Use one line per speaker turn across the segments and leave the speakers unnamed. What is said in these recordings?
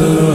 Rasul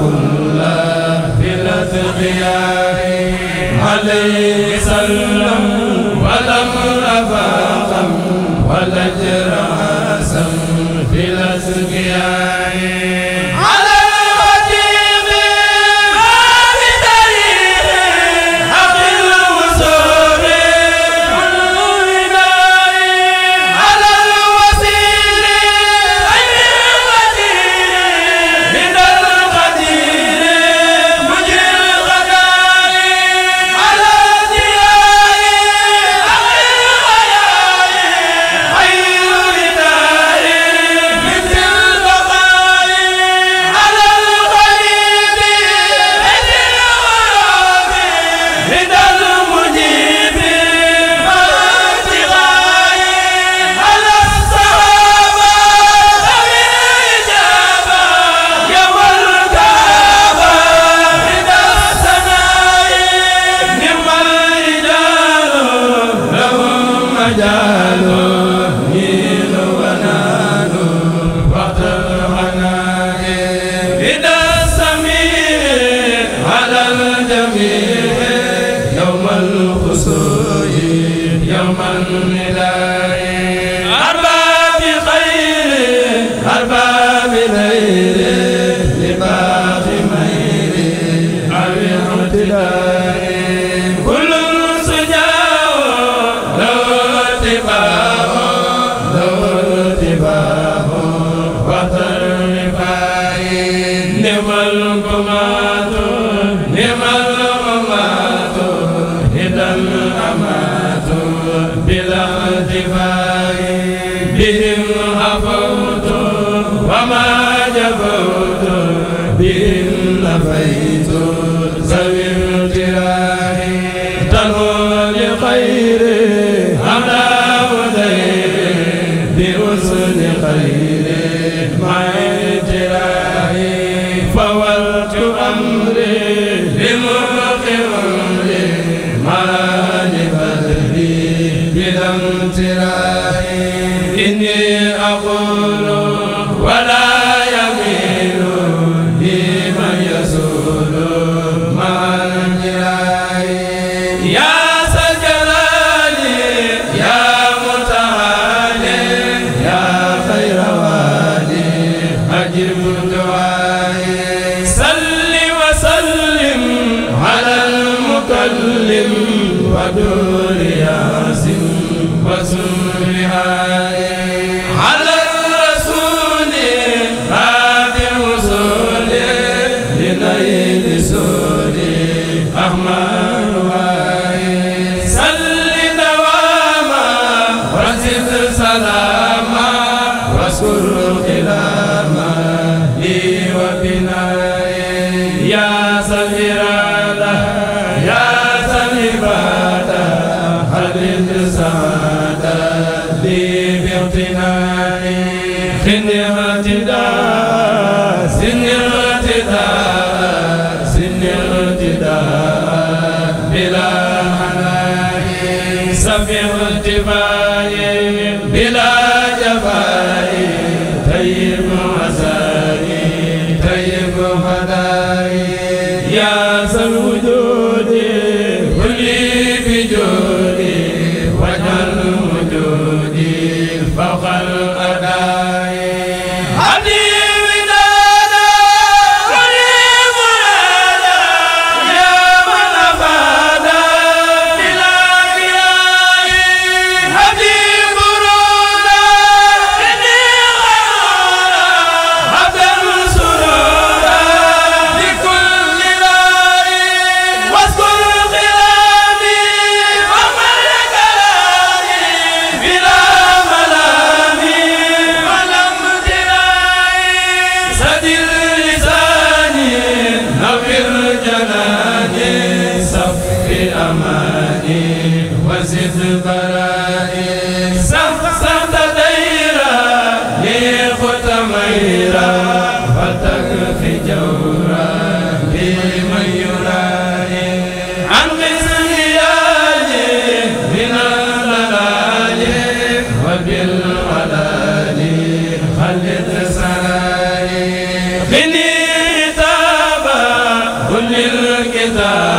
كل في الأثقياء عليه وفيت Muhammad في الدماء أماني وزد برائي صح صح ديرا لي ختميرا فتكفي جورا لي من يرائي عن غزياني من الضلال وبالغلال خلد سرائي غني تابا كل الكتاب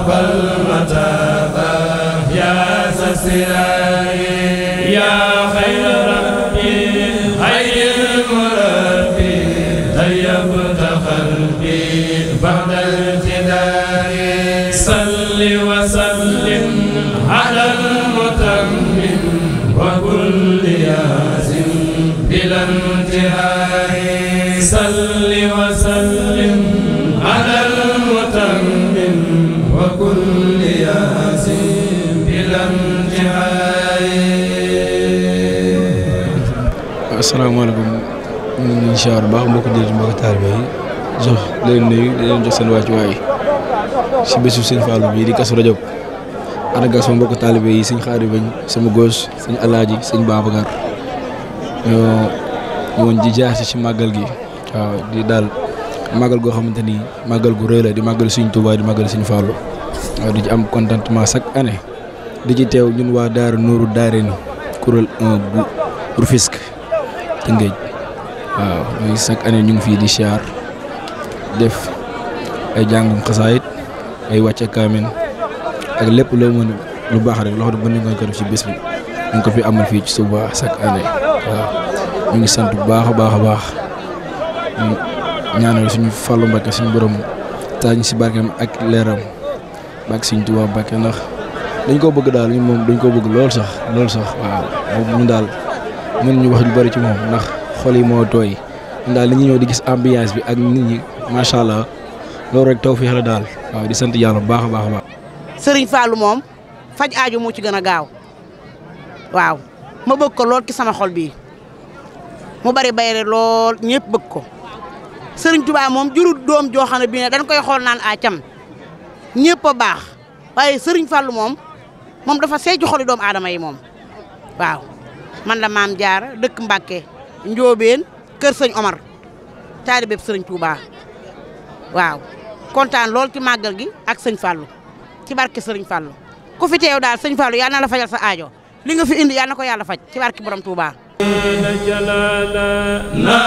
أقبل متابا يا سسيرا
asalaamaaleykum ñu ngi siyaar bu baax mbokk jël mbokk taalibe yi jox leen nuyu di leen jox seen wàccuwaay si bésu sëñ Fallou bii di Kazu Rajab ànd ak sama mbokk taalibe yi sëñ Xaari Bañ sama gos sëñ Alaaji sëñ Babacar ñoo ñëwoon di jaar si si màggal gi waaw di daal màggal goo xamante ni màggal gu rëy la di màggal suñ Tuubaa di màggal suñ Fallou waaw di ci am contentement chaque année di ci teew ñun waa Daara Nuuru Daarayni kuréel bu Rufis Tëngéej waaw mooy chaque année ñu ngi fii di siyaar def ay jàngum xasaayit ay wàcce kaamen ak lépp loo mën lu baax rek loxo mën nañu ko def ci bés bi ñu ko fi amal fii ci Touba chaque année waaw ñu ngi sant bu baax a baax baax ñu ñaanal suñu Fallou Mbacké suñu borom taañ si barkeem ak leeram bàkk suñu Touba Mbacké ndax dañ koo bëgg daal moom dañ koo bëgg lool sax loolu sax waaw moom ñu daal. mën ñu wax lu bëri ci moom ndax xol yi moo tooy daal li ñu ñëw di gis ambiance bi ak nit ñi macha allah loolu rek taw fi xel daal waaw di sant yàlla bu baax baax a baax.
Serigne Fallou moom faj aaju moo ci gën a gaaw waaw ma bëgg ko lool ci sama xol bii mu bari bayre lool ñëpp bëgg ko sëriñ Touba moom jurul doom joo xam ne bii ne dañ koy xool naan acam ñëpp a baax waaye Serigne Fallou moom moom dafa seey xoli doom aadama yi moom waaw. man la maam jaar dëkk Mbàkke Njóobeen kër sëñ Omar taalibeb sëriñ Touba waaw kontaan lool ci màggal gi ak sëñ Fallou ci barke sëriñ Fallou ku fi teew daal sëñ Fallou yal na la fajal sa aajo li nga fi indi yal na ko yàlla faj
ci barke borom Touba.
na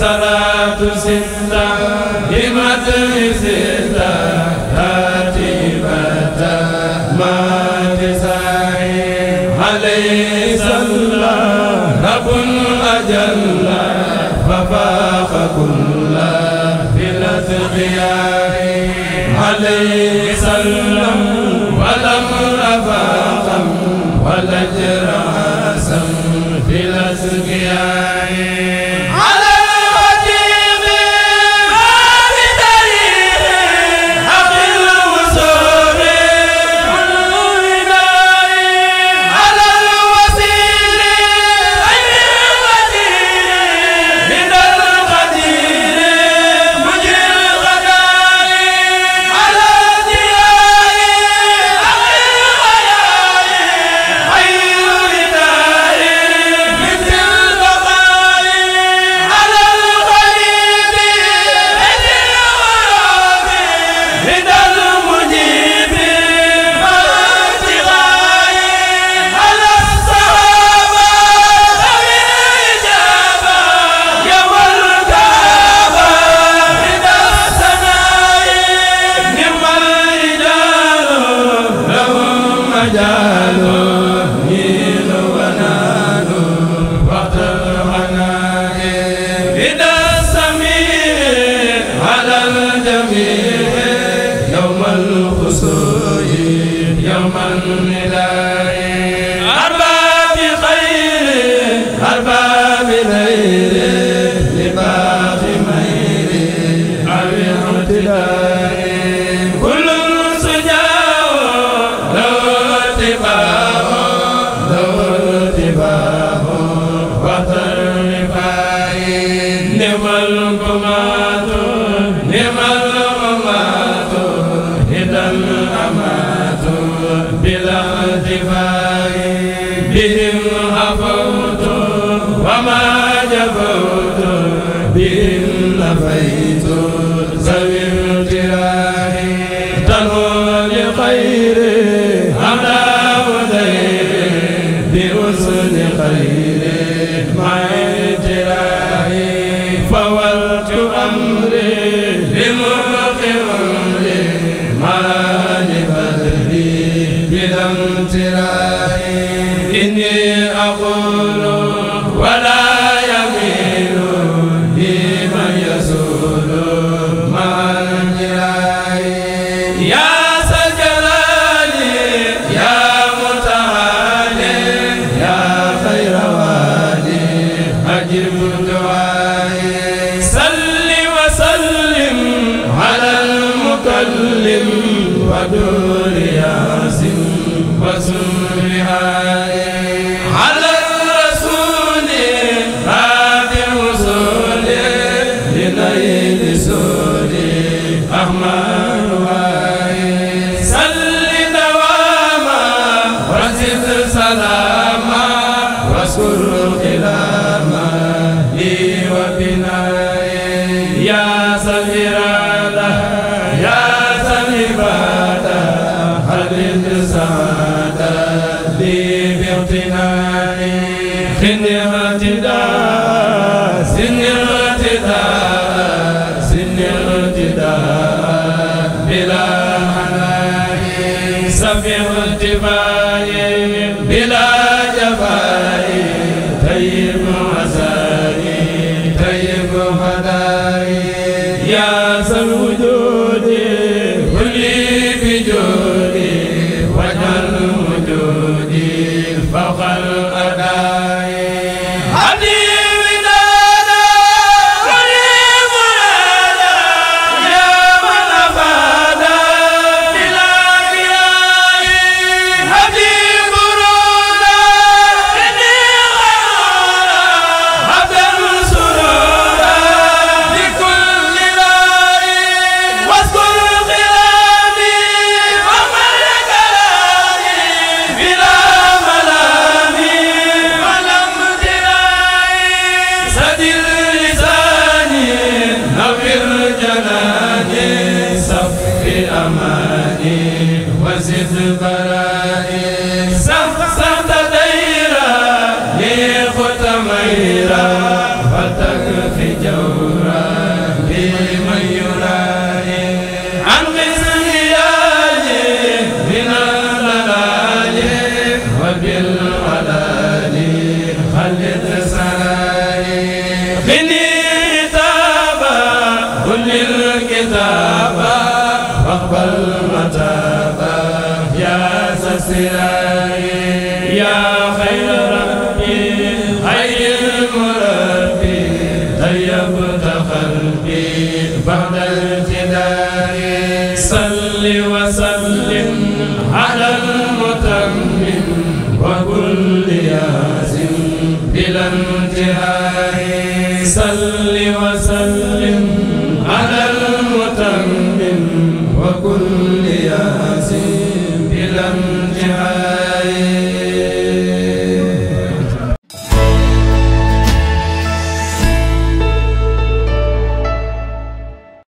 صلاة ستة لمدح ستة يوم القيامة amri وسلم ودور ياسم وسمها على الرسول خاتم رسول لنيل سول أحمد صل دواما وزد سلاما وسر قلاما لي وبنا يا صل وسلم على المتمم وكل ياس بلا انتهاء صل وسلم على المتمم وكل